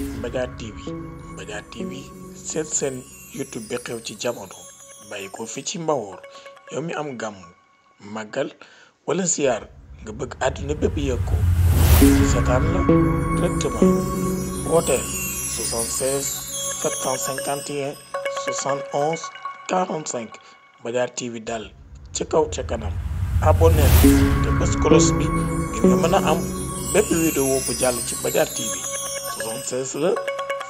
Mbadiar TV Mbadiar TV seen YouTube bi ci jamono bàyyi ko fi ci mbawoor yow mi am gàmm màggal wala siyaar nga bëgg àdduna bépp yëg ko seetaan la directement wooteel 76 751 71 kaw ca kanam abonné te bés cloche bi nga mën a am bépp vidéo bu jàll ci Mbadiar 76 la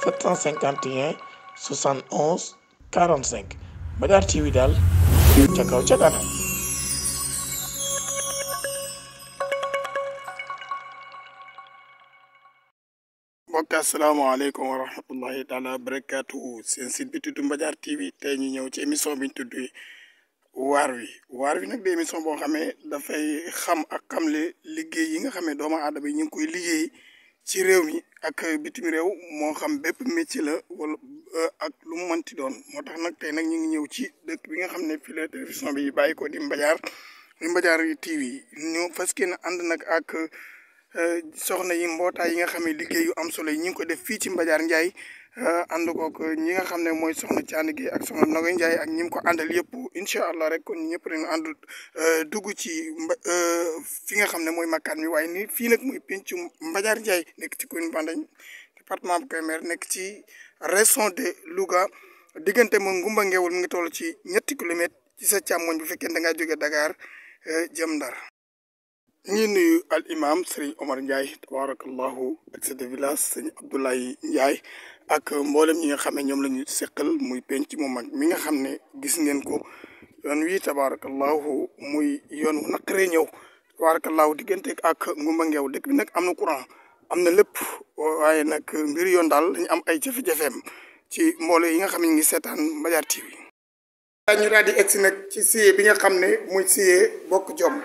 751 71 45 Mbadiar TV daal ca bi tudd Mbadiar TV tey ñu ñëw ci émission biñ ñu tudd waar wi waar wi nag di émission boo xamee dafay xam ak xamle liggéey yi nga xam ne doomu aadama yi ñu ngi koy liggéey ci réew mi ak bitim réew moo xam bépp métier la wala euh, ak lu mu mënti doon moo tax nag tey nag ñu ngi ñëw ci dëkk bi nga xam ne fii la télévision bi bàyyi ko di Mbadiar di Mbadiar TV ñu fas yéene ànd nag ak euh, soxna yi mbootaay yi nga xam ne liggéey yu am solo yi ñu ngi ko def fii ci mbajaar Ndiaye. Euh, ànd kook ñi nga xam ne mooy soxna Thiane Gueye ak soxna Ndoye Ndiaye ak ñi ko àndal yëpp incha allah rek kon ñëpp dañu ànd euh, dugg ci euh, fi nga xam ne mooy makkaan mi waaye ni fii nag muy pencu Mbadiar Ndiaye nekk ci commune Bandañ département bu Kébémer nekk ci région de Louga diggante moom Ngumba ngewul mi toll ci ñetti kilomètre ci sa càmmoñ bu fekkee da ngaa jógee Dakar jëm Ndar ñi nuyu al imam Serigne Omar Ndiaye tabarakallahu ak sa village Serigne Abdoulaye Ndiaye ak mboolem ñi nga xam ne ñoom la ñu seqal muy penc mu mag mi nga xam ne gis ngeen ko yoon wi tabaarakallaahu muy yoon wu naqaree ñëw tabaarakallaahu diggante ak ngumba ngeew dëkk bi nag am na courant am na lépp waaye nag mbir yoon daal dañu am ay jafe-jafeem ci mboole yi nga xam ne ñu ngi seetaan Mbadiar TV ñu daal di egsi nag ci siyee bi nga xam ne muy siyee bokk jom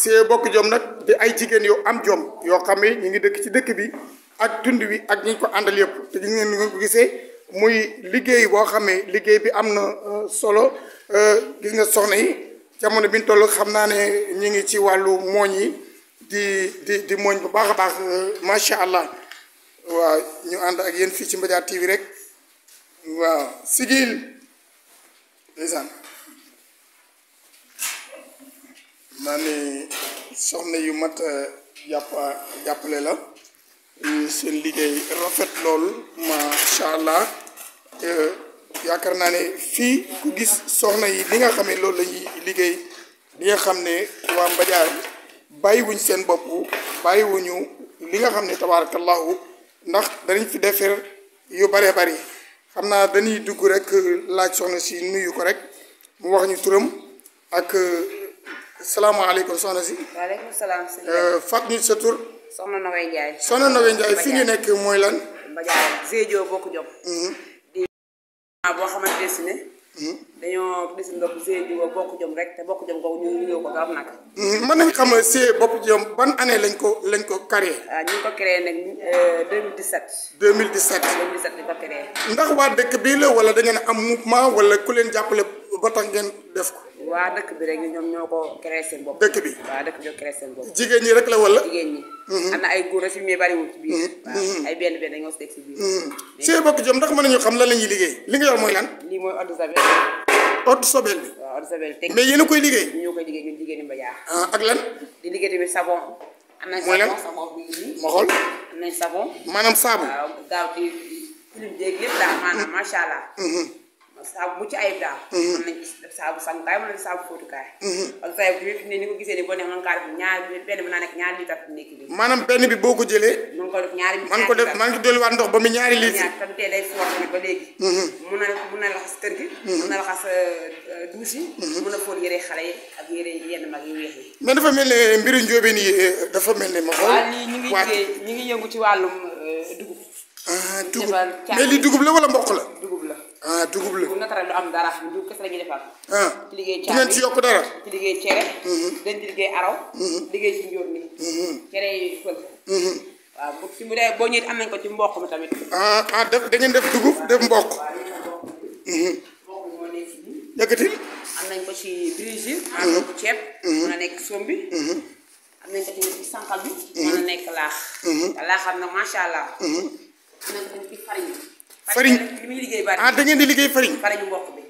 siyee bokk jom nag di ay jigéen yu am jom yoo xam ne ñu ngi dëkk ci dëkk bi ak tund wi ak ñi ko àndal yëpp te ñu ngeen ko gisee muy liggéey boo xamee liggéey bi am na euh, solo euh, gis nga soxna yi jamono bi ñu toll xam naa ne ñu ngi ci wàllu mooñ yi di di di mooñ bu baax a baax euh, macha allah waaw ñu ànd ak yéen fii ci Mbadiar TV rek waaw sigil ndeysaan naa ni soxna yu mat jàpp jàppale la Eh, seen liggéey rafet lool macha allah eh, yaakaar naa ne fii ku gis soxna yi li nga xam ne loolu lañuy liggéey li nga xam ne waa Mbadiar bàyyiwuñ seen bopp bàyyiwuñu li nga xam ne tabaarakallahu ndax danañ fi defar yu bare bari xam naa dañuy dugg rek laaj soxna si nuyu ko rek mu wax ñu turam ak salaamaaleykum soxna si. waaleykum eh, ñu sa tur. soxna Nawé Ndiaye. soxna Nawé Ndiaye fi ñu nekk mooy lan. Mbadiane Zédio bokk jom. Hmm. di boo xamante si ne. Hmm. dañoo gis nga Zédio bokk jom rek te bokk jom boobu ñu ñëw ko nga am hmm. xam ne Zé bokk ban année lañ ko lañ ko créé. Ah, ñu ko créé nag 2017. 2017 2017 ñu ko ndax waa dëkk bii la wala da ngeen am mouvement wala ku leen jàppale ba tax ngeen def ko. waa dëkk bi rek ñoom ñoo ko créé seen bopp. dëkk bi waa dëkk bi ñoo créé seen bopp. jigéen ñi rek la wala. jigéen ñi. Mhm. am na ay góor mais bariwul ci biir. Mhm. waaw mhm. ay bokk jom ndax mën nañu xam la ñuy liggéey li nga yor mooy lan. lii mooy eau de Javel. eau de Javel koy liggéey. ñoo koy liggéey ñun jigéen ñi ba jaar. ah ak lan. di liggéey tamit savon. mooy lan am nañ bi ma xool am nañ savon. saabu. waaw gaaw ci macha allah saabu mucc ayib daal. Mhm. mën nañu def saabu sangukaay fóotukaay. Mhm. parce ni ko gisee nii boo nee mën kaa def ñaar benn bi naa nekk ñaari litre fi nekk nii. maanaam benn bi boo ko jëlee. mën ko ndox ba mu ñaari litre. ñaar tam tee day fort bi mhm. na mun na laxas kër gi. mun na laxas euh, douche mun a fóot yére xale yi ak yére yenn mag yu weex yi. mais dafa mel ne mbiru njóobeen yi euh, dafa mel ne ma xool. waaw lii ñu ngi liggéey ci wàllum euh, dugub. ah dugub mais li dugub la wala mboq la ah dugub la bu naturel du am dara dugub kese la ñuy defar. ah ci liggéey caabi ci yokk dara. ci liggéey cere. Mhm. dañ ci liggéey araw. Mhm. liggéey ci njóor ni. Mhm. cere yi fël. waaw bu ci bu dee boo ñëwee am nañ ko ci mboq mi tamit. ah ah def da ngeen def dugub def mboq. mboq moo nekk ci biir. yëkkati. am nañ ko ci brésil. am nañ ko ceeb. mën a nekk sombi. am nañ ko tamit ci sànqal bi. mën a nekk laax. laax am na macha allah. am nañ ko ci farine farine li muy liggéey bari ah da ngeen di liggéey farine farine mboq bi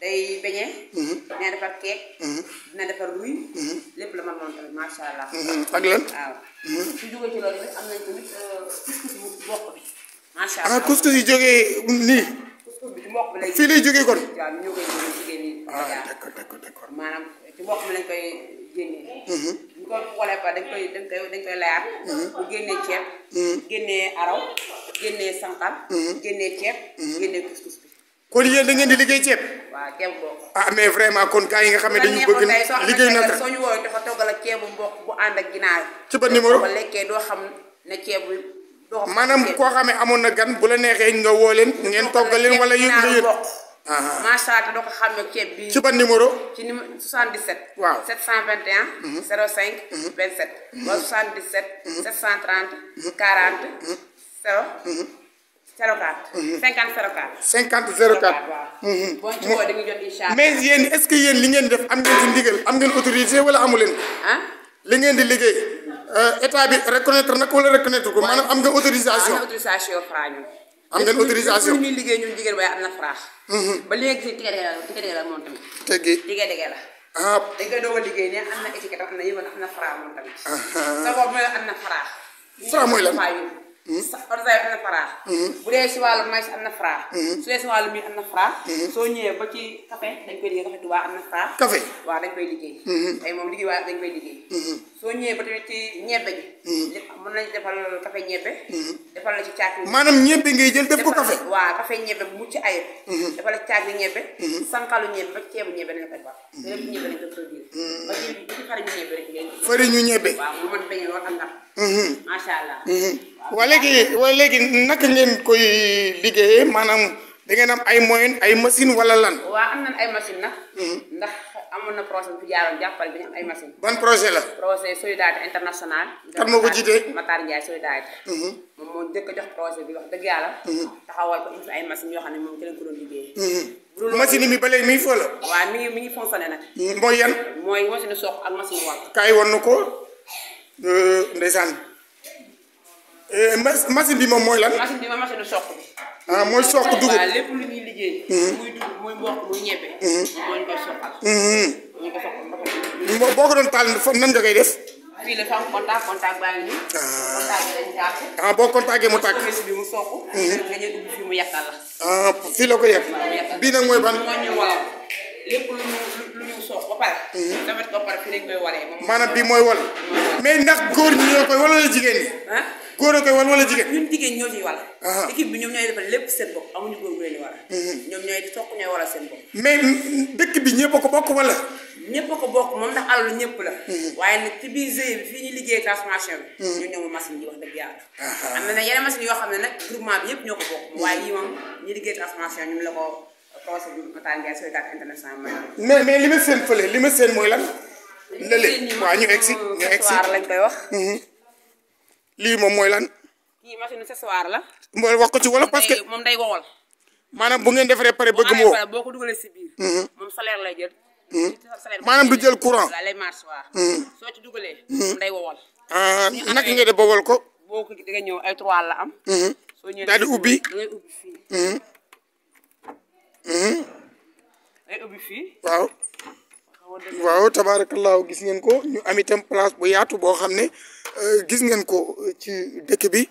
day beñe mhm. dina defar keek mhm. dina defar ruy mhm. lépp la man moom tamit macha allah ak lan waaw su jógee ci loolu nag am nañ tamit euh, couscous bu mboq bi macha ah, allah ah couscous yi jógee nii couscous bi ci mboq bi lay fii lay jógee kon waaw ñoo koy jógee nii ah d'accord d'accord d'accord maanaam ci mboq bi lañ koy génnee bu ñu ko xoolee dañ koy dañ koy dañ koy layaat bu génnee ceeb génnee araw génnee sanqal. Mhm. génnee ceeb. Mhm. génnee couscous bi. kon yéen da ngeen di liggéey ceeb. waaw ceeb ah mais vraiment kon kaa yi nga xam ne dañu bëgg. liggéey na soo ñu woowee dafa toggal ceebu mboq bu ànd ak ginaar. ci ban numéro lekkee doo xam ne ceebu. doo xam maanaam koo xamee amoon na gan bu la neexee nga woo leen. ngeen toggal leen wala yéen nga yéen macha allah doo ko xam ne ceeb bii ci ban numéro. ci numéro 77. waaw 721. 05. 27. wala 77. 730. 40. zéro. zéro quatre. cinquante zéro quatre. cinquante zéro quatre. Mm-hmm. boo ci woo mais yéen yéen ah? euh, bi reconnaître nag wala reconnaître ko maanaam am na autorisation Fra ñun. am ngeen autorisation ñun ñuy liggéey ñun jigéen waaye na Fra. Mm-hmm. Ah. a mooy am na Fra. Fra mooy lan Hmm? sax orsaay am na fara hmm? bu dee si wàllu maïs am na fara hmm? su dee si wàllu mil am na fara soo ñëwee ba ci café dañ koy liggéey café waa am na fara café waaw dañ koy liggéey tey moom liggéey waa dañ koy liggéey soo ñëwee ba tamit ci ñebe ji lépp mën nañ defal café ñebe defal la ci caag bi. maanaam ñebe ngay jël def ko café defal waaw bu mucc mhm. ci caag bi ñebe. Mhm. sànqalu ñebe ba ceebu ñebe lañ koy wax. lépp mhm. ñebe lañ ko produire. ba ñebe bi fariñu ñebe rek léegi waaye léegi naka ngeen koy liggéeyee maanaam da ngeen am ay moyen ay machine wala lan. waaw am nañ ay machine nag. amoon na projet bu fi jaaroon jàppal bi ñu am ay machine ban projet la. projet solidarité internationale. kan moo ko jiite Matar Ndiaye solidarité. Mhm. moom moo njëkk a jox projet bi wax dëgg yàlla. Mhm. taxawal ko indi ay machine yoo xam ne moom ci lañ ko doon liggéey. Mhm. machine bi ba léegi mi ngi foofu waaw mi ngi mi ngi fonctionné nag. mooy yan. mooy machine soq ak machine wàll. kaay woon na ko euh, ndeysaan euh, machine bi moom mooy lan. machine bi machine soq bi. ah mooy soq dugub waaw lépp lu liggéey. Mm-hmm. muy mm-hmm. ko soqal mm-hmm. boo ko doon taal nan nga koy def. Ah. Ah, boo contactee mu tàkk. mu soq. nga ñëw ubbi fii mu ah, la. ko yàq. bii nag mooy ban. moo ñu bii mooy wal mais ndax góor ñi ñoo koy wala la jigéen ñi. góor a koy wal wala jigéen ñun jigéen ñoo ciy wal équipe bi ñoom ñooy defal lépp seen bopp amuñu góor gu leen di wal mhm. ñoom ko bokk wala ñëpp a ko la mhm. waaye nag ci bi fii ñu liggéey transformation bi mhm. ñoom yoo xam ne nag groupement bi yëpp ñoo la ko procès bi Matar Ndiaye sooy li ma seen fële li ma seen mooy lan lële waaw ñu egsi ñu egsi lañ koy wax lii moom mooy lan. kii machine accessoire la. mooy wax ko ci wolof parce que moom day wowal. maanaam bu ngeen defaree pare bëgg mu woo boo ko mm-hmm. lay jël. Mm-hmm. maanaam du jël courant. lay marche waaw. Mm-hmm. soo ci dugalee. moom day wowal. Ah, naka ko. boo ko ay trois la am. soo ñëwee daal di ubbi da ngay ubbi fii. da waaw. waaw tabaarakallaahu gis ngeen ko ñu am itam place bu yaatu boo xam ne euh, gis ngeen ko ci dëkk bi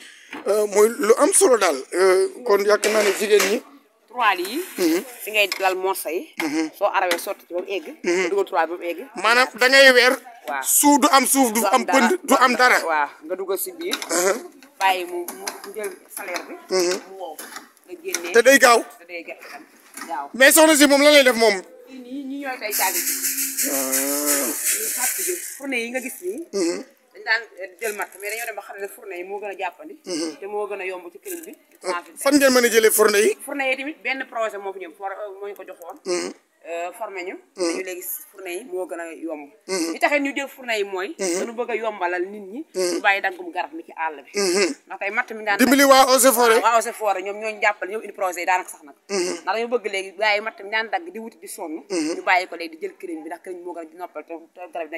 euh, mooy lu am solo daal euh, kon yaakaar naa ne jigéen ñi trois yi mhm. si ngay lal morsa yi mhm. soo arawee sotti ci ba mu egg mhm. dugal trois ba mu egg maanaam da ngay weer suuf du am suuf du am pënd du am dara waaw nga dugal si biir uh-huh. bàyyi mu te day gaaw te day gaaw si moom la lay def moom matt bi fourne yi nga gis nii dañ daan jël matt mais dañoo dem ba xam ne fourne yi moo gën a jàppandi te moo gën a yomb ci këriñ bi fan ngeen mën a jëlee fourne yi fourne yi tamit benn projet moo fi ñëw moo ñu ko joxoon Euh, formé ñu. dañu mm-hmm. léegi fourne yi moo gën a yomb. Mm-hmm. li taxit ñu jël fourne yi mooy. Mm-hmm. dañu bëgg a yombalal nit ñi. ñu bàyyi daggum garab sax nag. ndax dañu bëgg léegi bàyyi matt mi daan dagg di wuti di sonn. ñu bàyyi ko léegi di jël këriñ bi ndax këriñ moo gën a noppal te garab bi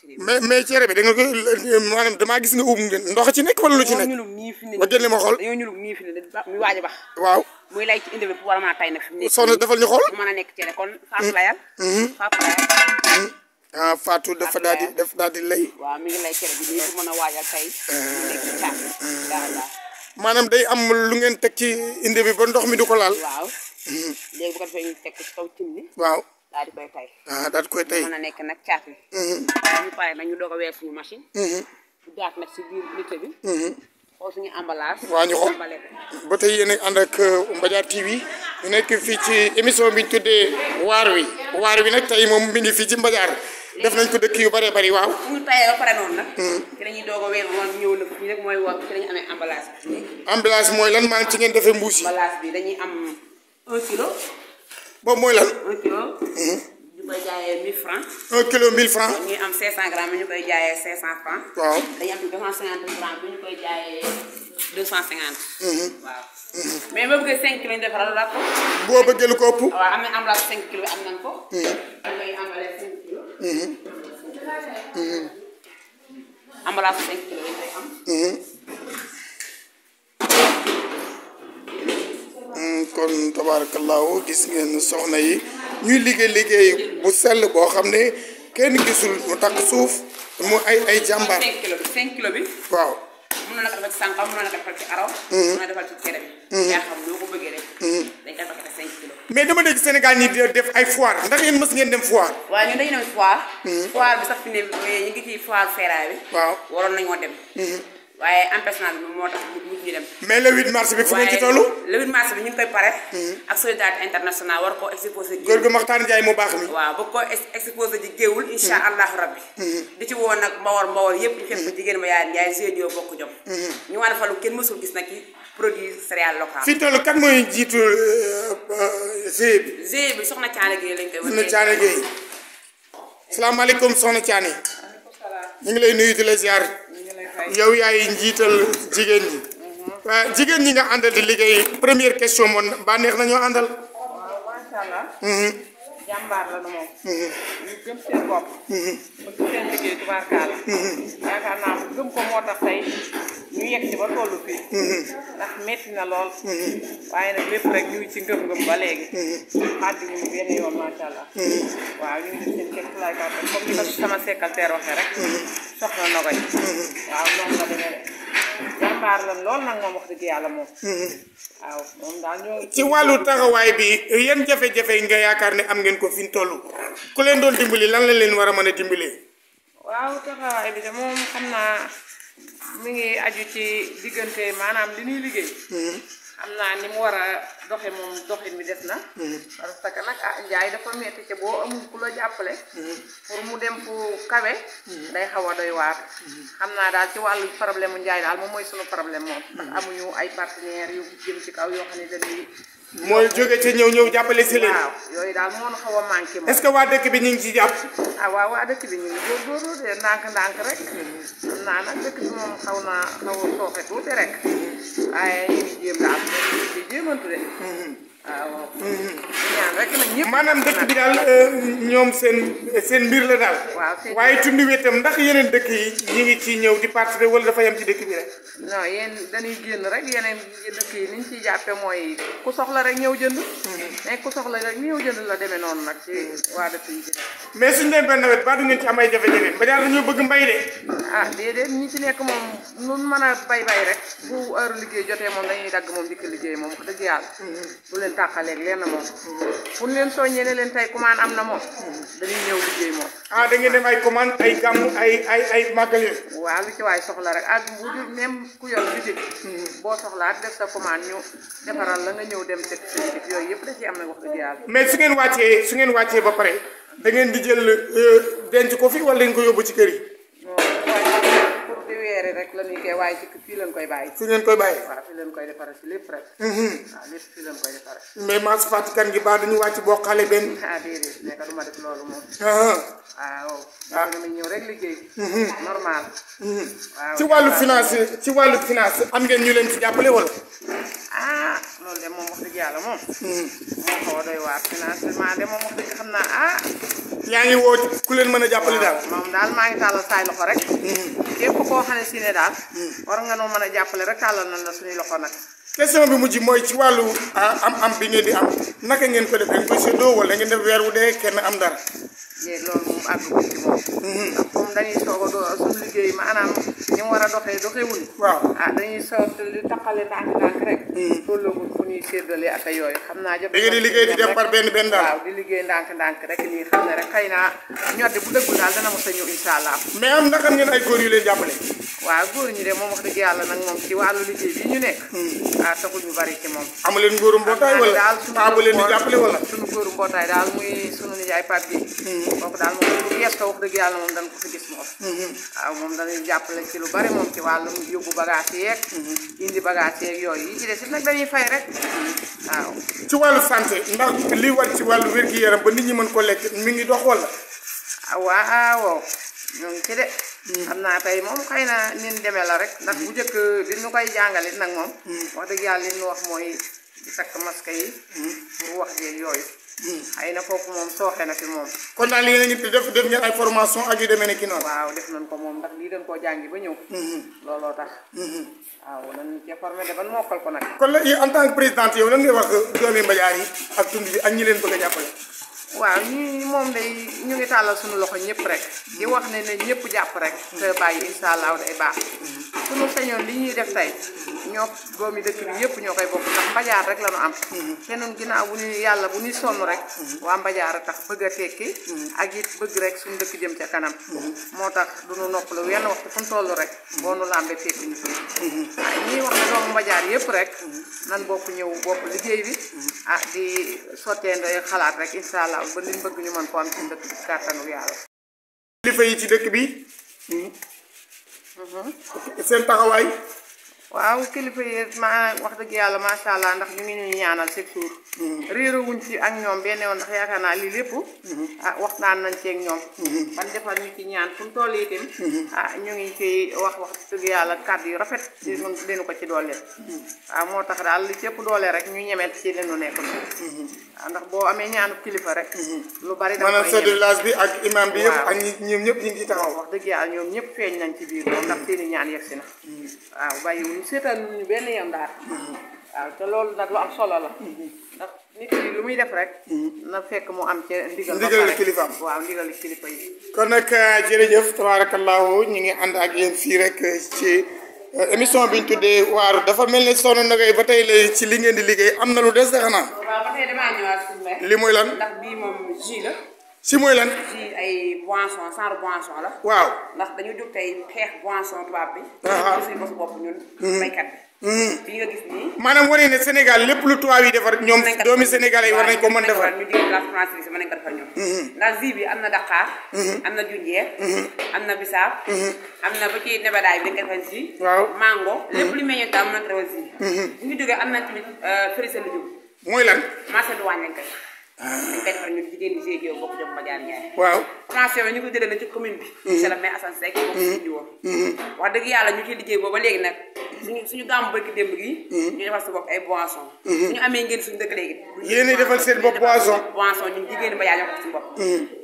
ci. en mais cere bi damaa gis nga uum ndox ci nekk wala lu ci nekk. ñulum nii fi ne ma génne ma xool dañoo ñulum nii fi ne mi waaj a waaw muy lay ci indi bi wala maa tay na fi mu nekk soxna defal ñu xool mën a nekk cere kon mm, mm, mm. ah, Fatou dafa daal di daf daal di lay waaw mi ngi lay cere bi ñu mën a waajal tey ah, mu nekk càmm ah. maanaam day am lu ngeen teg ci indi bi ba ndox mi du ko laal waaw léegi bu ko defee waaw daal di koy tay ah koy tay mën nekk nag caaf bi ñu pare nag ñu doog a weer mm-hmm. bi mm-hmm. waa suñu emballage. waaw ñu xool ba tey yéen a ànd ak euh, Mbadiar TV nekk fii ci émission bi ñu tuddee waar wi waar wi nag tey moom mi ngi fii ci Mbadiar def nañ ko dëkk yu bëree bëri waaw. bu ñu ba pare noonu nag. Hmm. ci la ñuy doog a weer woon mooy wax ci la ñu amee emballage mooy lan maa ngi ci ngeen defee mbuus yi. emballage dañuy am un kilo. boobu mooy lan. ñu koy jaayee 1000 francs. 1 kilo 1000 francs. ñu am 500 grammes ñu koy jaayee 500 francs. waaw dañuy am 250 grammes bi ñu koy jaayee 250. Mm-hmm. waaw. mais boo bëggee 5 kilos ñu defaral la ko. boo bëggee lu ko ëpp. waaw am na am la 5 kilos am nañ ko. am mm-hmm. nañu mm-hmm. emballage 5 kilos. emballage 5 kilos yi koy am. kon tabaarakallaahu gis ngeen soxna yi. ñuy liggéey liggéey bu sell boo xam ne kenn gisul mu takk suuf mu ay ay jàmbaar. 5 kilo bi 5 kilo bi. waaw. Mm-hmm. Mm-hmm. Mm-hmm. mais dama dégg Sénégal ñi def ay foire ndax yéen mës ngeen dem foire. waaw ñun dañu dem foire. foire bi sax fi ne ñu ngi ci foire feeraay bi. waaw waroon nañoo dem. waaye empêchement bi moo tax mu ñu dem. mais le mars bi fu ngeen ci toll. le ñu ngi koy pare. Hmm. ak solidarité internationale war koo exposé. góor gu Maxtaan baax mi. waaw ba ko exposé ji géewul. Hmm. incha allahu rabbi. Hmm. di ci woo nag mbawar mbawar yëpp. ñu xeex jigéen ma yaay Njaay Géé Dio bokk jom. ñu wane fa lu kenn mësul gis nag yi produit céréales locales. fi toll kan mooy jiitu euh, euh, Géé bi. bi soxna Thiané Guèye lañ koy wane. soxna Thiané Guèye. salaamaaleykum soxna Thiané. ñu ngi lay nuyu di la ziar. yow yaay njiital jigéen ñi mhm. ah, jigéen ñi nga àndal di liggéey première question moom bànneex nañoo àndal. jàmbaar la nu moom. gëm ko moo tax tey ñu yegg ci ba tollu fii. ndax metti na lool. waaye nag lépp rek ñu ngi ci ngëm-ngëm ba léegi. xaati wuñu benn yoon macha allah. waaw ñu ngi def seen ko sama secrétaire waxee rek. soxna na ko waaw noonu la demee rek. jàmbaar la lool nag moom wax dëgg yàlla moom. waaw moom daal ñoo ci wàllu taxawaay bi yan jafe-jafe yi nga yaakaar ne am ngeen ko fi ñu ku leen doon dimbali lan la leen war a mën a dimbali. waaw taxawaay bi de moom xam naa mu ngi aju ci diggante maanaam li ñuy liggéey. Hmm. xam naa ni mu war doxe moom doxin bi des na. Mm-hmm. parce que nag ah njaay dafa metti ci boo amul ku la jàppale. Mm-hmm. pour mu dem fu kawe. Mm-hmm. day xaw a doy waar. xam naa daal ci wàllu problème mu njaay daal moom mooy sunu problème moom. ndax amuñu ay partenaires yu jëm ci kaw yoo xam ne dañuy. mooy jóge ca ñëw ñëw jàppale si leen. waaw yooyu daal moo xaw a manqué moom. que waa dëkk bi ñu ngi ci jàpp. Ah, waaw waa dëkk bi ñu ngi góorgóorlu de ndànk-ndànk rek. naa nag dëkk bi moom xaw naa xaw a sooxe tuuti rek. waaye ñu jéem daal ñu ngi jéemantu de. maanaam dëkk bi daal euh, ñoom seen seen mbir la daal. waaye tund wi itam ndax yeneen dëkk yi ñu ngi ci ñëw di participer wala dafa yem ci dëkk bi rek. non yéen rek yeneen dëkk yi ni ñu ciy jàppe mooy ku soxla rek ñëw jënd. Hmm. mais ku soxla rek ñëw jënd la demee noonu nag ci waa dëkk yi. mais suñ leen benn nawet ba du ngeen ci am ay jafe-jafe ba daal dañoo bëgg mbay de. ah déedéet ñi ci nekk moom nun mën a bay bay rek bu heure liggéey jotee moom dañuy dagg moom dikk liggéey moom dëgg yàlla. Hmm. leen tàqaleeg leen na moom pour leen soññee ne leen tey commande am na moom dañuy ñëw liggéey moom ah da ngeen dem ay commande ay gàmmu ay ay ay màggal yooyu waaw lu ci waay soxla rek ak bu du même ku yor bitik boo soxlaa def sa commande ñu defaral la nga ñëw dem teg si bitik yooyu yëpp da ci am na wax dëgg yàlla mais su ngeen wàccee su ngeen wàccee ba pare da ngeen di jël euh, denc ko fi wala ngeen ko yóbbu ci kër yi teere rek la ñuy koy waaye ci fii lañ koy bàyyi. fii lañ koy bàyyi. waaw fii lañ si lépp rek. Mhm. waaw lépp ah, ma def loolu moom. Ah, ah. waaw. waaw dama ñëw mhm. Mhm. finance ci wàllu finance am ngeen ñu leen ci jàppale wala. ah loolu de moom wax dëgg yàlla moom. moo xaw a doy waar financement de moom yaa ngi woo ku leen mën a jàppale daal. moom daal maa ngi tàllal saay loxo rek. képp koo xam si ne daal war nga no mën a rek tàllal nañ la suñu loxo nak question bi mujj moy ci walu am am bi ngeen di am naka ngeen ko def ko ci do wala ngeen def weer wu dee kenn am dara mais loolu moom àgguñ ci moom hmm comme dañuy soog a doo suñu liggéey maanaam ni mu war a doxee doxewul waaw ah dañuy soog li taqale tank tank rek tollagul mhm. fu ñuy sédalé ak yooyu xam naa jot da ngeen di liggéey di def par benn benn dal waaw di liggéey tank tank rek nii xamna rek xeyna naa bu deggul dal dana mos sañu inshallah mais am naka ngeen ay gor yu leen jappalé waaw góor ñi de moom wax dëgg yàlla nag moom ci wàllu liggéey bi ñu nekk. Hmm. ah taxul ñu bari ci moom. amu leen góoru mbootaay wala amu ah, leen di jàppale wala. suñu góoru mbootaay daal muy sunu nijaay Pape Gueye. Hmm. kooku daal moom bu yees ko wax yàlla moom dañ ko fi gis moom. waaw hmm, ah, moom dañuy jàppale ci lu bari moom ci wàllum yóbbu bagage yeeg. indi bagage yeeg yooyu yi ci des it nag dañuy fay rek waaw. ci wàllu santé ndax li war ci wàllu wér-gi-yaram ba nit ñi mën ko lekk mi ngi dox wala. Ah, waaw waaw ci de. Mm. xam naa tey moom xëy na nin demee la rek mm. ndax bu njëkk li ñu koy jàngalit nag moom mm. wax dëgg yàlla li ñu wax mooy di takk yi pour wax jeeg yooyu xëy na kooku moom sooxe na fi moom kon daal yéen a ngi def def ay formation ak yu demee ki noonu def nañ ko moom ndax lii dañ koo jàngi ba ñëw mm-hmm. looloo tax mm-hmm. waaw nan cee formé de ban mokkal ko nag kon la en tant que présidente yow lan ngay wax doomi Mbadiar yi ak tund bi ak ñi leen bëgg la jàppale waaw ñi moom day ñu ngi tàllal suñu loxo ñëpp rek di wax ne ne ñëpp jàpp rek te bàyyi insha allahu day baax suñu sañoon li ñuy def tey ñoo doomi dëkk bi yëpp ñoo koy bokk ndax mbajaar rek la ñu am te nun ginnaaw bu ñu yàlla bu ñu sonn rek waa mbajaar tax bëgg a tekki ak it bëgg rek suñu dëkk jëm ca kanam moo tax duñu noppalu wenn waxtu fu ñu toll rek boo nu làmbee tekki ñu fii ñuy wax ne doomu mbajaar yëpp rek nan bokk ñëw bokk liggéey bi ah di sottee xalaat rek insha allah am ba bëgg ñu mën ko am ci dëkk bi kàttanu yàlla. kilifa yi ci dëkk bi. Mhm. seen taxawaay. waaw kilifa yi ma wax dëgg yàlla macha allah ndax ñu ngi ñu ñaanal chaque jour. Mm-hmm. réeré wuñ ci ak ñoom benn yoon ndax yaakaar naa lii lépp. Mm-hmm. ah waxtaan nañ ci ak ñoom. Mm-hmm. ban defal ñu ci ñaan fu mu toll itam. ah ñu ngi ciy wax wax dëgg yàlla kàddu yu rafet. ci ñun dinañu ko ci dooleel. waaw ah, moo tax daal li cëpp doole rek ñu ñemet ci li nu nekk ah, ndax boo amee ñaanu kilifa rek. lu bari da maanaam chef de bi ak imam bi yëpp ak ñoom ñëpp ñu ngi ci taxaw. wax dëgg yàlla ñoom ñëpp feeñ nañ ci biir loolu ndax seeni ñaan yegsi na waaw bàyyiwuñ seetaan ñu benn yem daal waaw te loolu nag lu am solo la ndax nit lu muy def rek na fekk mu am ci ndigal ndigal kilifaam waaw ndigal kilifa yi kon nag euh, jërëjëf tabaarakallaahu ñu ngi ànd ak yéen fii rek euh, ci euh, émission bi ñu tuddee waaru dafa mel ne soxna Ndogay ba tey lay ci li ngeen di liggéey am na lu des de xanaa. li muy lan ndax bii moom ji la. si mooy lan. si ay boisson genre boisson la. waaw ndax dañu jóg tey xeex boisson tubaab bi. waaw ah. hmm. bi. bi hmm. nga gis nii. maanaam wane ne Sénégal lépp lu tubaab yi defar ñoom. doomi Sénégalais yi war nañ ko mën defar ñu jigéen la France mën nañ ko defar ñoom. Hmm. ndax zi bi am na daqaar. am na junjeer. am na bisaab. am na ba ci nebedaay bi dañ ko defar zi. waaw mango. lépp lu meññee tam mën na ko defar zi. bu ñu jógee am na tamit frisé lu jub. mooy lan. marché du wàññi benn fan ñun jigéen ñi see jiw bokk jëm Madiane Ndiaye. waaw transfert ñu ko jëlee na ci commune bi. monsieur mm-hmm. le maire Assane Seck bokk mm-hmm. mm-hmm. wax dëgg yàlla ñu ciy liggéey boobu léegi nag. suñu suñu gàmmu bëgg démb gi. ñu defal su bopp ay boissons. suñu amee ngeen suñu dëkk léegi. yéen a defal seen bopp boisson boisson ñun jigéen ñi ba yaa ñoo ko suñu bopp.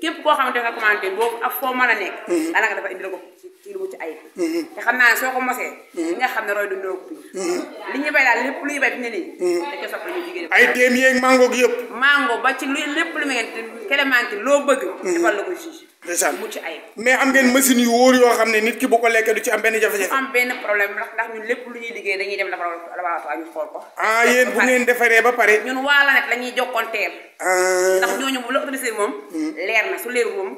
képp koo xamante ne nga commenté boobu ak foo a nekk. daanaka dafa indi la ko. ci lu ci ayib. Mm-hmm. te xam naa soo ko mosee. li mm-hmm. nga xam ne roy dundoo ko. Mm-hmm. li ñu bay daal lépp lu ñu bay fi ne nii. da cee soppali ñu jigéen ay déem yeeg mango gi yëpp. mango ba ci lu lépp lu ngeen kélémante loo bëgg. defal la ko mu ci mais am ngeen machine yu wóor yoo xam ne nit ki bu ko lekkee du ci am benn jafe-jafe. am benn problème ndax ñun lépp lu ñuy liggéey dañuy dem laboratoire ñu xool ko. ah yéen bu ngeen defaree ba pare. ñun waa la nekk la ñuy jokkonteel. Ah. ndax ñooñu bu la autorisé moom. leer na su leer moom.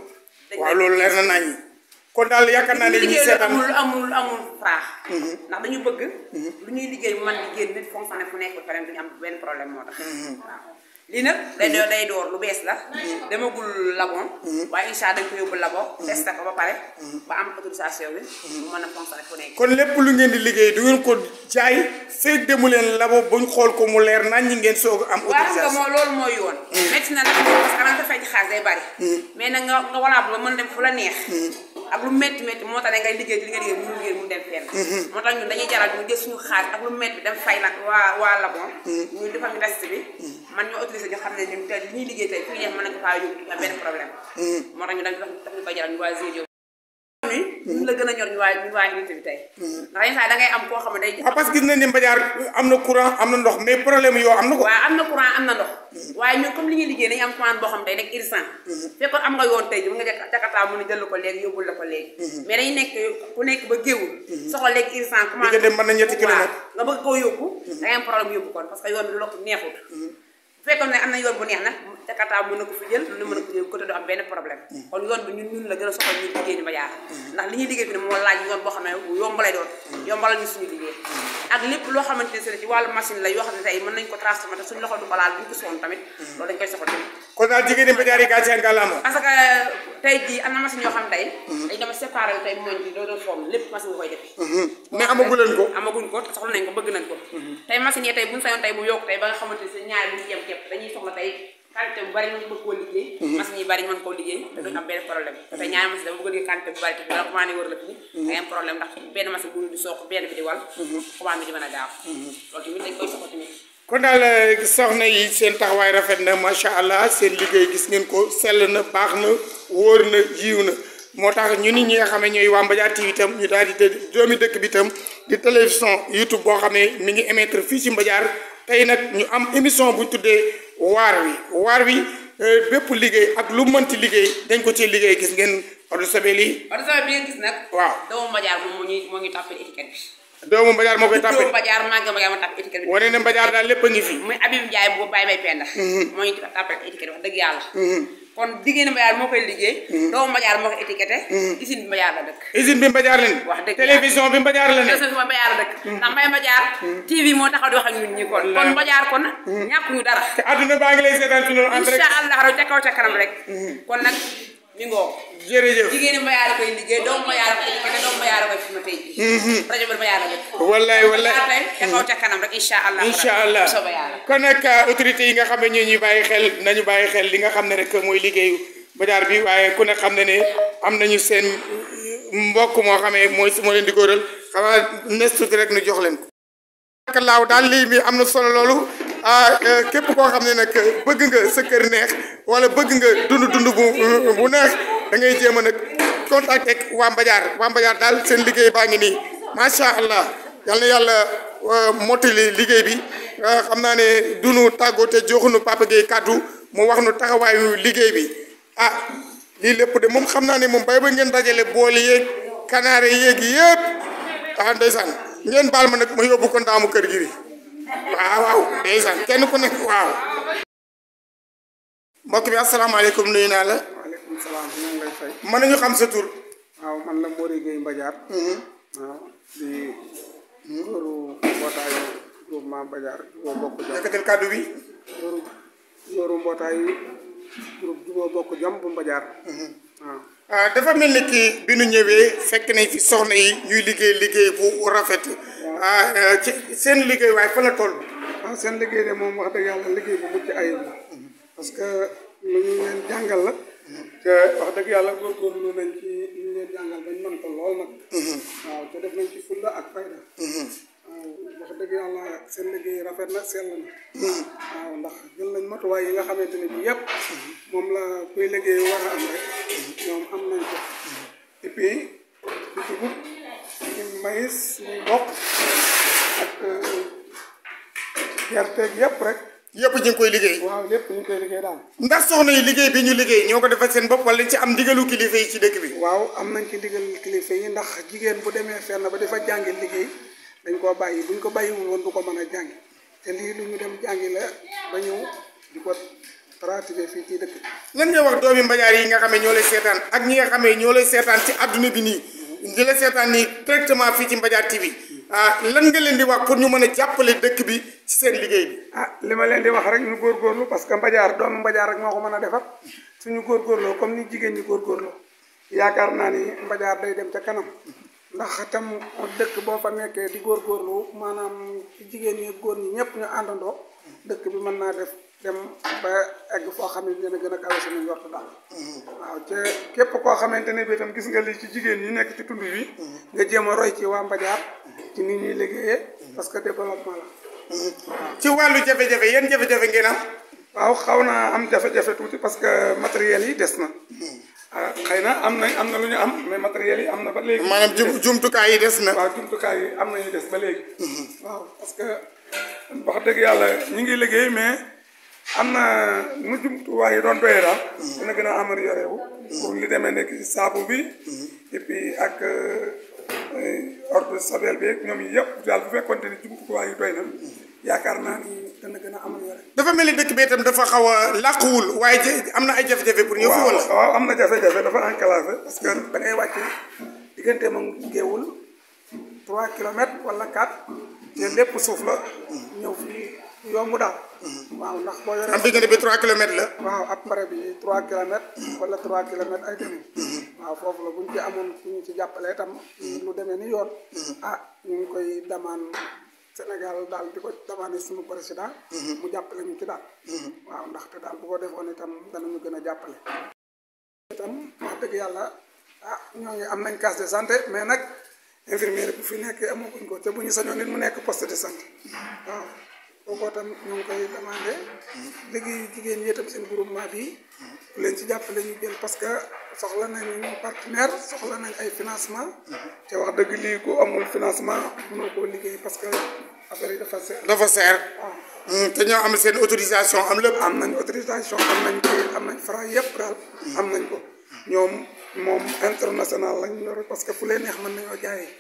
waaw loolu leer na naa nañu kon daal yaakaar naa ne ñu seetaan amul amul amul fraa mhm. ndax dañu bëgg mhm. lu ñuy liggéey man di génn nit fonctionné fu nekk feneen duñu am benn problème moo mhm. lii nag day day door lu bees la demagul labon waaye incha dañ ko yóbbu labon ba pare ba am autorisation bi mu mën a fonctionné fu nekk kon lépp lu ngeen di liggéey du ngeen ko jaay feeg demu leen labo buñ xool ko mu leer nañ ñi ngeen soog am autorisation waaw moo loolu mooy yoon métti na nag parce xanaa nga fay ci xaalis day bari mais na nga nga walaab la mën ak lu métti métti moo tax ne ngay liggéey ci li nga liggéey mu liggéey mu dem fenn mm-hmm. moo tax ñun dañuy jaral ñu jël suñu xaalis ak lu métti dem fay nag waa waa Labon mm-hmm. ñu defal ñu bi mm-hmm. man ñoo autorisé ñu xam ne ñu te li ñuy liggéey tey fu ñu def mën nañ ko faa yóbbu benn problème moo tax ñu dañ daf jaral ñu waa ñun la gën a ñor ñu waa ñu waa unité bi tey. Hmm. ndax yenn saa da ngay am koo xam ne day. waaw ah, ne Mbadiar am am na ndox mais problème yoo hmm. boo xam day nekk irsan. Hmm. fekkoon am nga yoon tey bëgg koo yóbbu. da am problème yóbbu kon parce yoon bi lu neexul. fekkoon ne am na yoon bu neex nag Jakarta mën na ko fi jël lu mën a ko jël du am benn problème mm. kon yoon bi ñun ñun la gën a soxal ñun liggéey ni ba yaar mm. ndax li ñuy liggéey fi ne moo laaj yoon boo xam ne yombalay doon mm. yombalal ñu suñu liggéey ak lépp loo xamante ne si ci wàllu machine la yoo xam ne tey mën nañ ko transformer suñu loxo du ko laal duñ ko soxla tamit loolu dañ koy soxla euh, tey jii am na mhm. mhm. ko amaguñ ko soxla nañ ko bëgg nañ ko mhm. tey machine yi tey buñ sañoon tey bu yokk tey ba nga xamante ne si ñaari bu ñu yem képp dañuy soxla tey quantité bu bari ñu koo liggéey. Mhm. machine yi bari ñu mën koo liggéey. Mhm. duñ am benn problème mhm. te ñaari a liggéey quantité wal. commande kon daal eh, soxna yi seen taxawaay rafet na macha allah seen liggéey gis ngeen ko sell na baax na wóor na jiw na. moo tax ñu nit ñi nga xam ne ñooy waa Mbadiar TV itam ñu daal di dé doomi dëkk bi itam di télévision YouTube boo xam ne mi ngi émetre fii ci Mbadiar tey nag ñu am émission bu tuddee war wi war wi bepp liggey ak lu mënti liggey dañ ko ci liggey gis ngeen Odou sabé li Odou sabé bi ngeen gis nak waaw doomu Mbajaar mo ngi mo ngi tapé étiquette doomu Mbajaar mo koy tàppale Mbajaar màgg ma nga tàppale étiquette bi wane ne Mbajaar daal lépp a ngi fi muy abim jaay bo bàyyi may penda mo ngi tapé étiquette wax deug yalla kon jigéenu Mbajaar moo koy liggéey. Mm-hmm. doomu Mbajaar moo koy étiqueté. Mm-hmm. usine bi Mbajaar la dëkk. usine bi Mbajaar lañ. wax dëgg télévision bi Mbajaar la ne. bi Mbajaar la dëkk. Mm-hmm. ndax Mbaye Mbajaar. TV moo taxaw di wax ak ñun ñi kon. kon Mbajaar kon ñàkk ñu dara. te adduna baa ngi lay seetaan ci loolu. en direct allah ca kaw kanam rek. kon nag. mi ngoo jërëjëf jigéen ñi ma yaara rajo bi ma yaara koy wallaay wallaay te incha allah incha allah kon nag ah, autorité yi nga xam ne ñoo bàyyi xel nañu bàyyi xel li xam ne rek mooy liggéeyu Badar bi waaye ku ne xam ne ne am nañu seen mm, mbokk moo xamee mooy su ma leen di góoral xanaa nes nu jox leen ko. Ah, euh, képp koo xam ne nag euh, bëgg nga sa kër neex wala bëgg nga dund dund bu euh, bu neex da ngay jéem a nag contact ak waa Mbajaar waa Mbajaar daal seen liggéey baa ngi nii macha allah yal na yàlla mottali liggéey bi xam naa ne dunu tàggoo te joxunu Papa Gueye kàddu mu wax nu taxawaayu liggéey bi ah lii lépp de moom xam naa ne moom bay ba ngeen dajale bool yéeg kanaare yeeg yëpp ah ndeysaan ngeen baal ma nag ma yóbbu ko ndaamu kër gi waaw kenn ku nekk waaw. mbokk bi asalaamaaleykum nuyu naa la. waaleykum salaam ñu ngi lay fay. mën nañu xam sa waaw man la Mori mbajaar Mbadiar. Mm-hmm. waaw di góoru mbootaayu groupement Mbadiar Juboo Bokk Jom. kàddu bi. góoru góoru mbootaayu groupe Juboo Bokk Jom bu mm-hmm. waaw. Euh, dafa mel ni ki bi nu ñëwee fekk nañ fi soxna yi ñuy liggéey liggéey bu rafet ah, euh, ci seen liggéey waaye fa la toll. waaw ah, seen liggéey de moom wax dëgg yàlla liggéey bu mucc ay parce que lu ñu leen jàngal la wax dëgg yàlla góorgóorlu nañ ci ñu leen jàngal bañ mën ko lool nag mm-hmm. waaw te def nañ ci fulla ak fayda mm-hmm. wax dëgg yàlla seen liggéey rafet na sell na hmm. waaw ndax jël nañ matuwaay yi nga xamante ni bi yëpp moom la kuy liggéey war a am rek ñoom am nañ ko et puis dugub ñu maïs ñu ak euh, gerte yëpp rek yëpp ñu ngi koy liggéey waaw lépp ñu ngi koy liggéey daal ndax soxna yi liggéey bi ñu liggéey ñoo ko defal seen bopp wala ci am ndigalu kilifa yi ci dëkk bi waaw am nañ ci ndigal kilifa yi ndax jigéen bu demee na ba defal jàngi liggéey dañ koo bàyyi buñ ko bàyyiwul woon du ko man a jàngi te lii lu ñu dem jàngi la ba ñëw di ko pratiquer fii ci dëkk lan ngay wax yi mbajaar yi nga xam ne ñoo leen seetaan ak ñi nga xamee ñoo lay seetaan ci adduna bi nii di la seetaan nii directement fii ci Mbajaar TV ah lan nga leen di wax pour ñu mën a jàppale dëkk bi ci seen liggéey bi ah li ma leen di wax rek ñu góorgóorlu parce que Mbajaar doomu Mbajaar rek moo ko mën a defar suñu góorgóorloo comme ni jigéen ñi góorloo yaakaar naa ni Mbajaar day dem ca ndax tam dëkk boo fa nekkee di góor góorgóorlu maanaam jigéen ñi góor ñi ñëpp ñu àndandoo dëkk bi mën naa def dem ba egg foo xam ne dina gën a kawe suñu njort mm-hmm. képp koo xamante ne bi tam gis nga li ci jigéen ñi nekk ci tund wi mm-hmm. nga jéem a roy ci waa Mbadiar mm-hmm. ci nit ñuy liggéeyee parce que développement la ci wàllu jafe-jafe yéen jafe-jafe ngeen am waaw xaw naa am jafe-jafe tuuti parce que matériel yi des na Ah, xëy na am nañ am na lu ñu am mais matériel yi am na ba léegi. maanaam jum jumtukaay yi des na. waaw jumtukaay yi am na ñu des ba léegi. Mhm. waaw parce que wax dëgg yàlla ñu ngi liggéey mais am na nu jumtuwaay yi doon doyee daal. Mhm. dina gën a amélioré wu. pour li demee nekk saabu bi. Mhm. et ak euh, ordre de sabel bi ñoom yëpp daal bu fekkoon ne jumtuwaay yi doy na. yaakaar naa ni dana gën a amal yore. dafa mel ni dëkk bi itam dafa xaw a làquwul waaye am na ay jafe-jafe pour ñëw fi waaw am na jafe-jafe dafa enclavé parce que da ngay wàcc diggante kilomètres wala 4 lépp suuf la ñëw fii yomb daal. Mhm. waaw ndax boo yoree. am diggante bi 3 kilomètres la. waaw après bi 3 kilomètres. Mhm. wala 3 kilomètres ay demi. Mhm. waaw foofu la bu ñu ci amoon ku ñu ci jàppalee itam. lu demee ni yoon. ah ñu ngi koy demande. Sénégal daal di ko demandé suñu président. Mm-hmm. mu jàppale ñu ci daal. Mm-hmm. waaw ndaxte daal bu ko defoon itam danañu gën a jàppale. tam wax dëgg yàlla ah ñoo ngi am nañ case de santé mais nag infirmier bu fi nekk amaguñ ko te bu ñu sa sañoon nit mu nekk poste de santé waaw. kooku tam ñu ngi koy demandé liggéeyu jigéen ñi tam seen groupement bi ku leen ci jàppale ñu jël parce que soxla nañu partenaire soxla nañ ay financement te wax dëgg lii ku amul financement mënoo koo liggéey parce que affaire yi dafa seer dafa seer ah. hmm, te ñoo am seen autorisation am lépp am nañ autorisation am nañ kayit am nañ franc yëpp daal am nañ ko ñoom moom international lañ lor parce que fu leen neex mën nañoo jaayee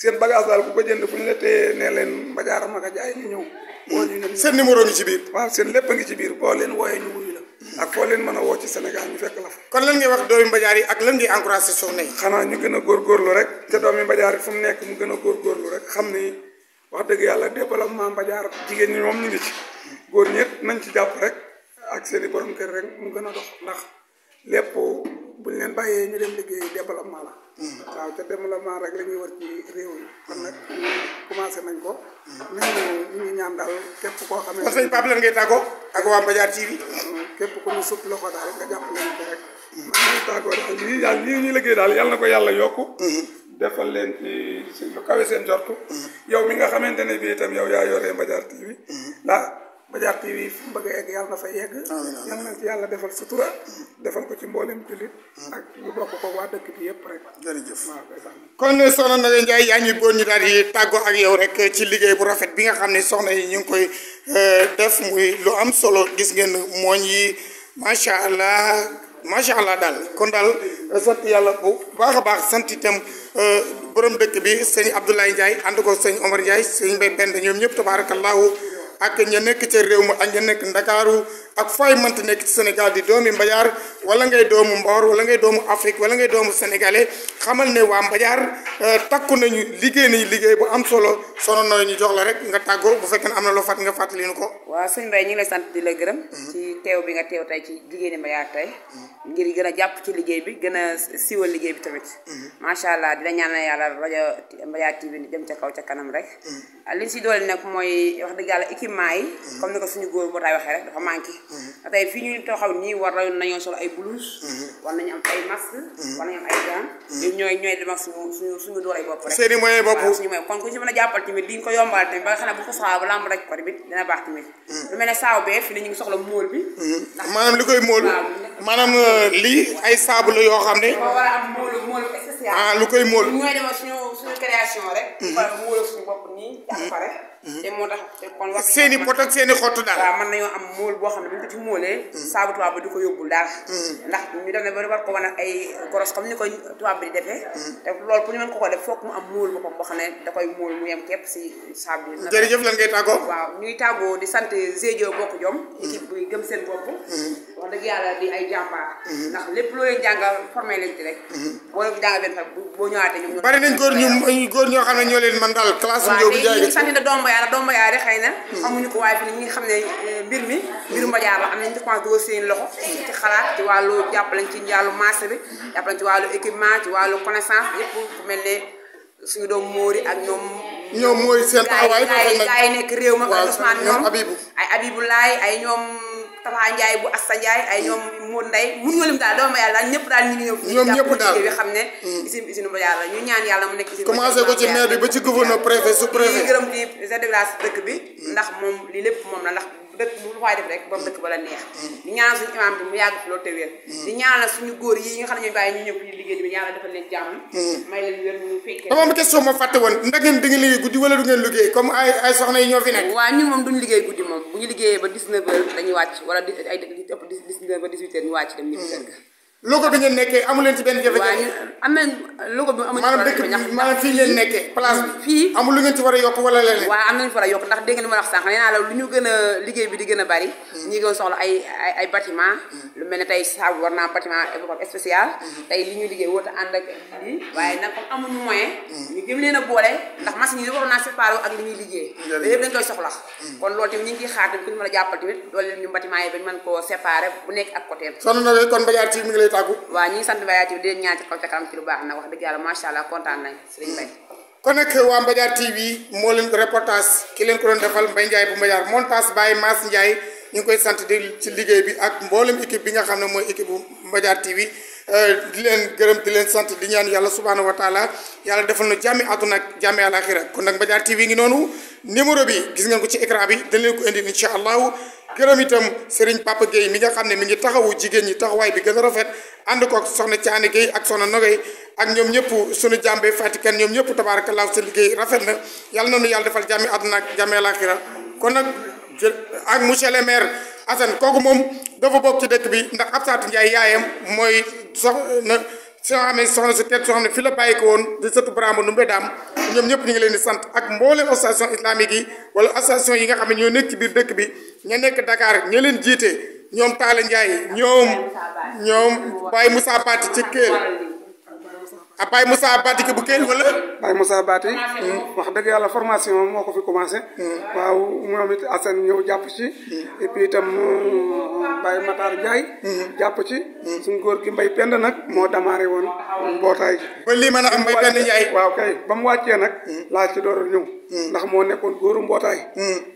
seen bagage daal ku ko jënd ñu la ne leen mbajaara ma ko jaay ñu ñëw seen numéro ngi ci biir waaw seen lépp a ngi ci biir boo leen wooyee ñu wuyu la ak foo leen mën a woo ci Sénégal ñu fekk la fa kon lan ngay wax doomi mbajaar yi ak lan ngay encouragé soxna yi xanaa ñu gën a góorgóorlu rek te doomi mbajaar yi fu mu nekk mu gën a góorgóorlu rek xam ni wax dëgg yàlla développement mbajaar jigéen ñi moom ñu ngi ci góor ñëpp nañ ci jàpp rek ak seen i borom kër rek mu gën a dox ndax lépp buñ leen bàyyee ñu dem liggéey développement la. waaw te développement rek la ñuy war ci réew yi kon nag commencé nañ ko. ñu ngi ñaan daal képp koo xam ne. kon sëñ Pape lan ngay tàggoo ak waa Mbadiar TV. képp ku ñu sut loxo daal nga jàpp leen ko rek. Mm. maa ngi tàggoo daal daal lii ñuy liggéey daal yal na ko yàlla yokk mm-hmm. defal leen ci lu kawe seen jortu. Mm-hmm. yow mi nga xamante ne bii itam yow yaa yoree Mbadiar TV. Mm-hmm. ndax. Mbadiar TV fu mu bëgg egg yàlla na fa yegg yàlla yàlla defal sutura defal ko ci mboolem jullit ak ñu bokk ko waa dëkk bi yëpp rek kon soxna Ndeye Ndiaye yaa ñuy boon ñu daal yi tàggoo ak yow rek ci liggéey bu rafet bi nga xam ne soxna yi ñu ngi koy euh, def muy lu am solo gis ngeen mooñ yi macha allah macha allah daal kon daal sant yàlla bu baax a baax sant itam euh, borom dëkk bi sëñ Abdoulaye Ndiaye ànd ko sëñ Omar Ndiaye sëñ Mbaye Bende ñoom ñëpp tabaarakallaahu ak ña nekk ca réew mi ak ña nekk ndakaaru ak fay mant nekk ci Sénégal di doomi Mbajaar wala ngay doomu Mboor wala ngay doomu Afrique wala ngay doomu sénégalais xamal ne waa Mbajaar euh, takku nañu liggéey nañu liggéey bu am solo sono nooy ñu jox la rek nga taggoo bu fekkee ne am na loo fàtt nga fàttali ñu ko. waa sëñ Mbaye ñu ngi lay sant di la gërëm. Mhm. ci teew bi nga teew tey ci jigéeni Mbajaar tey. ngir gën a jàpp ci liggéey bi gën a siiwal liggéey bi tamit. Mhm. macha allah dina ñaanal yàlla rajo Mbajaar TV ni jëm ca kaw ca kanam rek. Mhm. li ñu si doole mooy wax dëgg yàlla yi. comme ni suñu góor boo taay waxee Mm-hmm. tay fii ñu taxaw nii war nañoo sol ay blouse mm-hmm. war nañu am ay masque mm-hmm. war nañu am ay gants ñun ñooy ñooy dem ak suñu suñu suñu doole bopp rek seen a jàppal tamit li ñu ko yombal tamit ba nga xam rek ko tamit dina lu mel ne saabu bee fi ñu ngi soxla móol bi maanaam li koy móol maanaam euh, lii ay saabu la yoo xam ne war a am móol móol ah, lu koy móol suñu bopp nii jàpp rek te moo tax te kon wax seen i pot ak daal waaw mën nañoo am mool boo xam ne bu ñu ko ci moolee mm-hmm. ko yóbbul daal mm-hmm. ndax ko wan ak ay goros comme ni koy tubaab bi di defee mm-hmm. te loolu pour ñu mu am mool boppam boo xam ne da koy mool si saabu bi jërëjëf lan ngay tàggoo waaw ñuy tàggoo di sant Zédio bokk jom équipe loo leen jàngal formé leen ci rek boo leen jàngal benn fan boo ñëwaatee ñoom bari nañ ñoo xam ne ñoo leen man daal classe ñu sant na doom Madiara doomu Madiara xëy na. Hmm. amuñu ko waaye fi ñi nga xam ne eh, mbir mi. mbiru Madiara la am nañu dépense dugal seen loxo. ci xalaat ci wàllu jàppalañ ci wàllu marché bi. jàppalañ ci wàllu équipement ci wàllu connaissance yëpp ku mel ne suñu doom Mori ak ñoom. ñoom Mori seen taxawaay. gaa yi nekk réew ma. waaw ñoom Habibou ay Habibou Laay ay ñoom. Tafa Ndiaye bu Assa Ndiaye ay ñoom Mour Ndeye mun nga daal doomu yàlla daal daal ñu ngi ñëw. ñoom ñëpp daal xam ne. Mm. usine usine ba yàlla ñu ñaan yàlla mu nekk usine. ko ci maire bi ba ci gouverneur préfet sous préfet. ñu gërëm di chef de village dëkk bi. ndax moom li lépp moom la ndax dëkk bu fay def rek borom dëkk ba la neex di ñaanal suñu imam bi mu yàgg fi te wér di ñaanal suñu góor yi nga xam ne ñooy bàyyi ñu ñëw fii liggéey bi yàlla defal leen ñu woon ndax ngeen da liggéey guddi comme ay ay soxna yi ñoo fi nekk waaw ñun moom duñu liggéey guddi moom bu ñu liggéeyee ba 19 dañuy wàcc wala ay ëpp 19 ba 18 heures ñu wàcc dem ñibbi kër Louga bi ngeen nekkee amu leen ci benn jafe-jafe. am nañ Louga bi amuñu maanaam dëkk bi maanaam fii nekkee place bi. fii amul lu ngeen ci war a yokk wala leneen. waaw am nañu fa war a yokk ndax dégg ni li ma wax sànq nee naa la lu ñu gën a liggéey bi di gën a bari. ñi gën soxla ay ay ay bâtiment lu mel ne tey saabu mm-hmm. ñu liggéey wóota ànd ak lii. waaye nag comme amuñu moyen. Mm-hmm. ñu gëm leen a boole ndax machine yi waroon naa séparé ak li ñuy liggéey. lépp ñu mm-hmm. ngi ciy xaar ñu mën a jàppal tamit yi bañ mën koo séparé bu nekk ak côté lay tàggu waaw ñu ngi sant Mbaye TV di ñaan ci kaw ca kanam ci lu baax nag wax dëgg yàlla macha allah kontaan nañ sëriñ waa Mbadiar TV moo reportage ki ko defal Mbaye Ndiaye bu Mbadiar montage Baye Mass Ndiaye ñu koy sant di ci liggéey bi ak mboolem équipe bi nga xam ne mooy équipe bu Mbadiar TV di leen gërëm di leen sant di ñaan yàlla subhaanahu wa taala yàlla defal na jàmmi àdduna ak jàmmi àlaxira kon nag Mbadiar TV ngi noonu numéro bi gis ngeen ko ci écran bi dañ leen ko indi incha allahu gërëm itam Serigne Papa Gueye mi nga xam ne mi ngi taxawu jigéen ñi taxawaay bi gën a rafet ànd ko ak soxna Thiané Gueye ak soxna Nogay ak ñoom ñëpp sunu jàmbe fatikan ñoom ñëpp tabaarakallaahu seen liggéey rafet na yàlla noonu yàlla defal jàmmi àdduna ak jàmmi àlaxira kon nag ak monsieur le maire Assane kooku moom dafa bokk ci dëkk bi ndax Absatou Ndiaye yaayam mooy soxna si nga xam ne soxna si tedd soo xam ne fi la bàyyi ko woon di sëtu Brahma Ndoumbe Dame ñoom ñëpp ñu ngi leen di sant ak mboolem association islamique yi wala association yi nga xam ne ñoo nekk ci biir dëkk bi ña nekk Dakar ña leen jiite ñoom Talla Ndiaye ñoom ñoom Baye Moussa ci Kelle a Baye Moussa Bati ki bu kenn wala. Baye Moussa Bati. Mm. wax dëgg yàlla formation moo ko fi commencé. Mm. waaw moom it Assane ñëw jàpp ci. Mm. et puis itam euh, Baye Matar Ndiaye. jàpp ci. suñ góor ki Mbaye Penda nag moo démarré woon mbootaay ba lii mën a am Mbaye Penda waaw kay ba wàccee nag. laa ci door a ñëw. ndax moo nekkoon góoru mbootaay.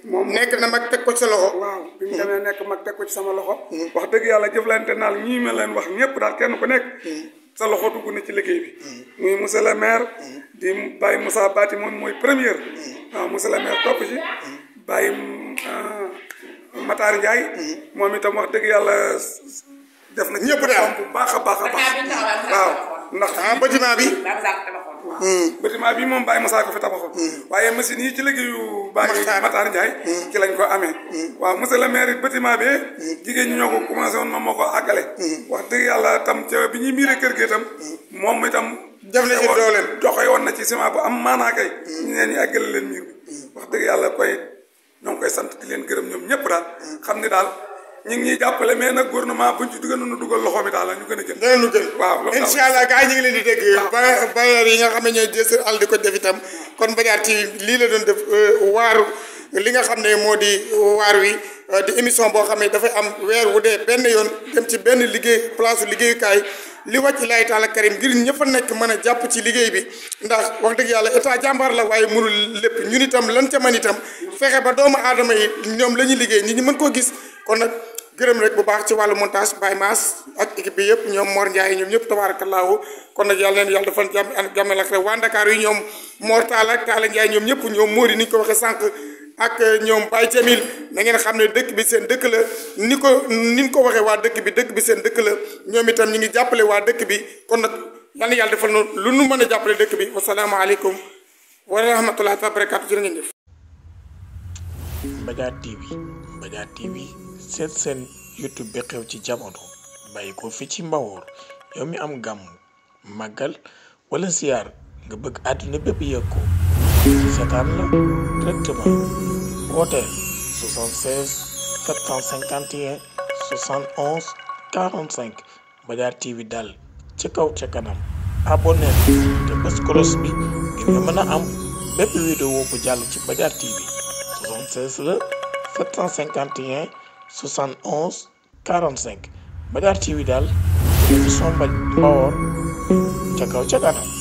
moom nekk na mag teg ko ci sa loxo. waaw bi nekk mag teg ko ci sama loxo. wax dëgg yàlla jëflante naal ñii ma leen wax ñëpp daal kenn ku nekk. sa loxo dugg na ci liggéey bi muy monsieur le maire di Baye Moussa Bati moom mooy première waaw monsieur le maire topp ci Baye euh, Matar Ndiaye moom itam wax dëgg yàlla def na ñëpp daal ah. bu baax a baax a baax ndax ah bâtiment bi hmm. bâtiment bi moom Baye Moussa ko fi tabaxoon hmm. waaye machine yi ci liggéeyu Baye Matar Ndiaye hmm. ci lañ ko amee waaw monsieur le maire bâtiment bi jigéen ñi ñoo ko commencé woon moom moo ko àggale wax dëgg yàlla tam ca bi ñuy miiree kër gi tam moom itam def na ci dooleem woon na ci ciment bu am maanaa kay ñu ne ñu leen miir wax dëgg yàlla koy ñoo koy sant di leen gërëm ñoom ñëpp daal xam ni daal ñu ngi ñuy jàppale mais nag gouvernement buñ ci dugal nu ñu gën a jël dana nu jël waaw ko def itam kon Mbadiar lii doon def euh, waaru li nga xam ne moo di waar wi euh, di émission boo xam ne am weer wu benn yoon dem ci benn liggéey place liggéeyukaay li wàcc laay taala karim ngir ñëpp nekk mën a jàpp ci liggéey bi ndax wax dëgg yàlla état jàmbaar la waaye mënul lépp ñun itam lan ca man itam fexe ba doomu aadama yi ñoom la ñuy liggéey ñi ñu mën koo gis kon nag gërëm rek bu baax ci wàllu montage Baye Mass ak équipe bi yëpp ñoom Mor Ndiaye ñoom ñëpp tabaarakallaahu kon nag yàlla neen yàlla defal jàmm ak jàmmal ñoom Mor Talla ak Talla Ndiaye ñoom ñëpp ñoom Mori ni ñu ko waxee sànq ak ñoom Baye Jamil na ngeen xam ne dëkk bi seen dëkk la ni ko ni ñu ko waxee waa dëkk bi dëkk bi seen dëkk la ñoom itam ñu ngi jàppale waa dëkk bi kon nag yàlla yàlla defal noonu lu nu mën a jàppale dëkk bi wasalaamaaleykum wa rahmatullaahi wa barakaatu jërë ngeen jëf Mbadiar TV Mbadiar seet seen youtube bi ci jamono bàyyi ko fi ci mbawoor yow mi am gàmm màggal wala ziar nga bëgg àdduna bépp yëg ko seetaan la directement woote TV dal ci kaw ca kanam abonné te bés kolos bi nga mën a am bépp vidéo bu jàll ci Mbadiar TV 71 45 Madiar TV daal émission Mbawoor ca kaw ca